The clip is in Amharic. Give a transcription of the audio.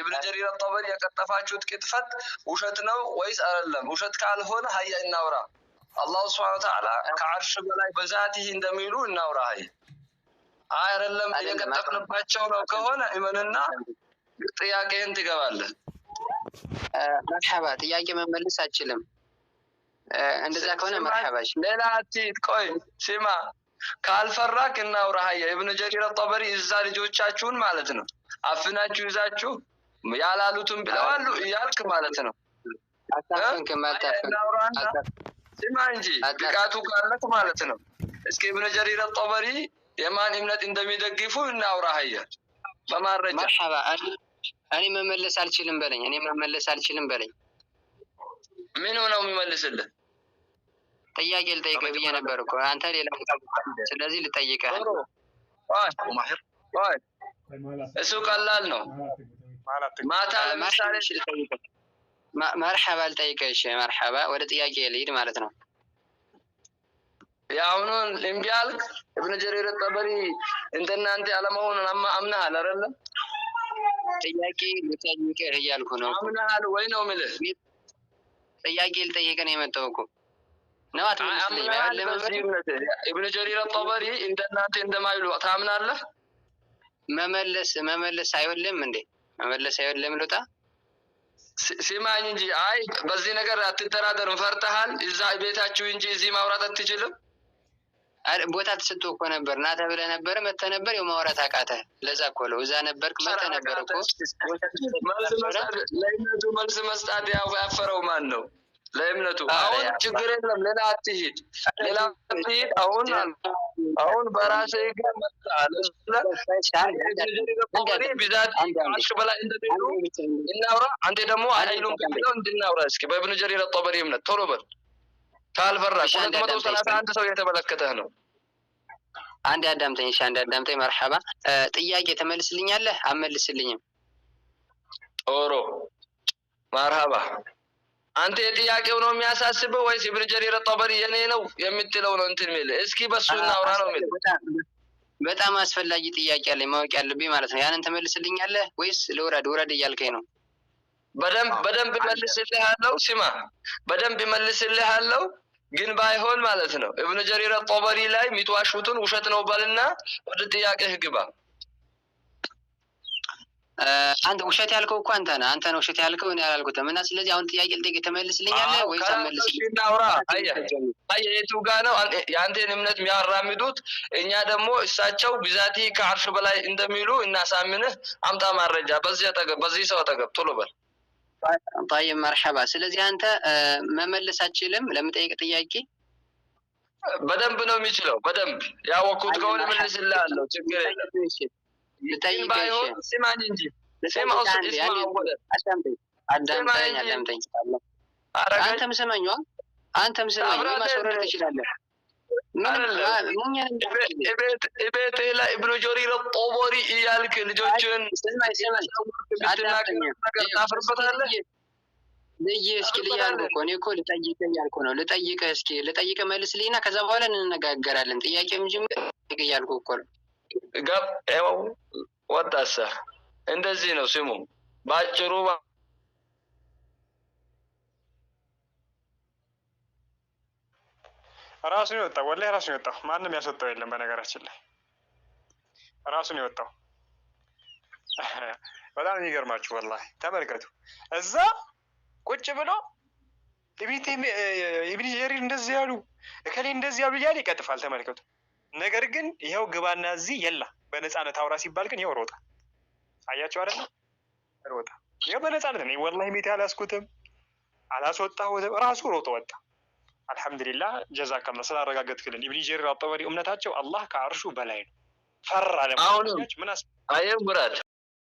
ኢብን ጀሪር ጠበሪ የቀጠፋችሁት ቅጥፈት ውሸት ነው ወይስ አይደለም? ውሸት ካልሆነ ሀያ እናውራ። አላሁ ስብሐነሁ ወተዓላ ከአርሽ በላይ በዛቲህ እንደሚሉ እናውራ። ሀይ አይደለም፣ እየቀጠፍንባቸው ነው ከሆነ እመንና ጥያቄህን ትገባለህ። መርሓባ ጥያቄ መመልስ አችልም። እንደዛ ከሆነ መርሐባ። ሌላ አቲት ቆይ ሲማ ካልፈራክ እናውራ። ሀያ ኢብን ጀሪር ጠበሪ እዛ ልጆቻችሁን ማለት ነው አፍናችሁ ይዛችሁ ያላሉትም ብለዋሉ እያልክ ማለት ነው። ስማ እንጂ ብቃቱ ካለት ማለት ነው። እስኪ እብነ ጀሪር ጦበሪ የማን እምነት እንደሚደግፉ እናውራ። ሀያል በማረጃ እኔ መመለስ አልችልም በለኝ። እኔ መመለስ አልችልም በለኝ። ምን ነው የሚመልስልን? ጥያቄ ልጠይቀ ብዬ ነበር እኮ አንተ ሌላ። ስለዚህ ልጠይቀህ እሱ ቀላል ነው። ማታ ለምሳሌ መርሐባ ልጠይቀሽ፣ መርሐባ ወደ ጥያቄ ልሂድ ማለት ነው። የአሁኑን እምቢ አልክ። እብነ ጀሪር ጠበሪ እንደናንተ አለመሆኑን አምናሃል አይደለም? ጥያቄ ልጠይቅህ እያልኩ ነው። አምናሃል ወይ ነው የምልህ። ጥያቄ ልጠይቅህ ነው የመጣው እኮ ነው። እብነ ጀሪር ጠበሪ እንደናንተ እንደማይሉ ታምናለህ? መመለስ መመለስ አይወልም እንዴ? መመለስ አይሆን ለምን ሲማኝ እንጂ አይ፣ በዚህ ነገር አትደራደሩ። ፈርተሃል። እዛ ቤታችሁ እንጂ እዚህ ማውራት አትችልም። ቦታ ተሰጥቶ እኮ ነበር፣ ና ተብለህ ነበር፣ መተ ነበር። የው ማውራት አቃተ። ለዛ እኮ ነው እዛ ነበርክ፣ መተህ ነበር እኮ። ለእምነቱ መልስ መስጣት ያፈረው ማን ነው? ለእምነቱ አሁን ችግር የለም። ሌላ አትሂድ፣ ሌላ አትሂድ አሁን አሁን በራሴ ጋር መጣል ብዛት አሽ በላይ እንደሚሉ እናውራ። አንተ ደግሞ አሊሉን ብለው እንድናውራ እስኪ በብኑ ጀሪር ጠበሪ እምነት ቶሎ በል ካልፈራ ሁለት መቶ ሰላሳ አንድ ሰው የተመለከተህ ነው። አንድ አዳምተኝ እሺ አንድ አዳምተኝ። መርሐባ ጥያቄ ተመልስልኛለህ? አመልስልኝም። ጦሮ መርሐባ አንተ የጥያቄው ነው የሚያሳስበው ወይስ ኢብን ጀሪር ጠበሪ የኔ ነው የምትለው ነው እንትን ሚል እስኪ በሱ እናውራ ነው ሚል በጣም አስፈላጊ ጥያቄ አለ ማወቅ ያለብኝ ማለት ነው። ያንን ተመልስልኛለህ ወይስ ልውረድ ውረድ እያልከኝ ነው? በደንብ በደንብ መልስልህ አለው። ስማ በደንብ መልስልህ አለው። ግን ባይሆን ማለት ነው ኢብን ጀሪር ጦበሪ ላይ ሚትዋሹትን ውሸት ነው በልና ወደ ጥያቄህ ግባ። አንተ ውሸት ያልከው እኮ አንተ ነህ። አንተ ነው ውሸት ያልከው እኔ አላልኩትም። እና ስለዚህ አሁን ጥያቄ ልጠይቅህ፣ ትመልስልኛለህ ወይስ አትመልስልኝም? አውራ የቱ ጋ ነው የአንተን እምነት የሚያራምዱት? እኛ ደግሞ እሳቸው ብዛቲ ከአርሽ በላይ እንደሚሉ እናሳምንህ። አምጣ ማረጃ በዚህ ሰው አጠገብ ቶሎ በል። ጠይብ መርሐባ። ስለዚህ አንተ መመለስ አችልም ለምጠይቅ ጥያቄ በደንብ ነው የሚችለው። በደንብ ያወቅኩት ከሆነ መልስልሃለሁ፣ ችግር የለም ባይሆን ስማኝ እንጂ አንተም ስማኝ፣ አንተም ስማኝ ማስወረድ ትችላለህ። ቤቴ ላይ እያልክ ልጆችን ታፍርበታለህ። እስኪ ልያልኩ እኮ እኔ እኮ ልጠይቅህ እያልኩ ነው። ልጠይቅህ እስኪ ልጠይቅህ ከዛ በኋላ እንነጋገራለን። ጥያቄ ምጅም እያልኩ እኮ ነው። ው ወጣሰ እንደዚህ ነው ስሙ በአጭሩ ራሱን የወጣው ወላሂ ራሱን የወጣው ማንም ያስወጣው የለም። በነገራችን ላይ ራሱን የወጣው በጣም የሚገርማችሁ ወላሂ ተመልከቱ። እዛ ቁጭ ብሎ ኢብን ጀሪር እንደዚህ ያሉ እከሌ እንደዚህ ያሉ እያለ ይቀጥፋል። ተመልከቱ። ነገር ግን ይኸው ግባና እዚህ የላ በነፃነት አውራ ሲባል ግን ይኸው ሮጣ አያቸው አደለ ሮጣ ይኸው በነፃነት ነ ወላሂ ሜት አላስኩትም አላስወጣሁትም ራሱ ሮጦ ወጣ። አልሐምዱሊላህ ጀዛከላ ስላረጋገጥክልን። ኢብኒ ጀሪር አጠበሪ እምነታቸው አላህ ከአርሹ በላይ ነው። ፈራ ለማለት ምን አስ አየ ሙራድ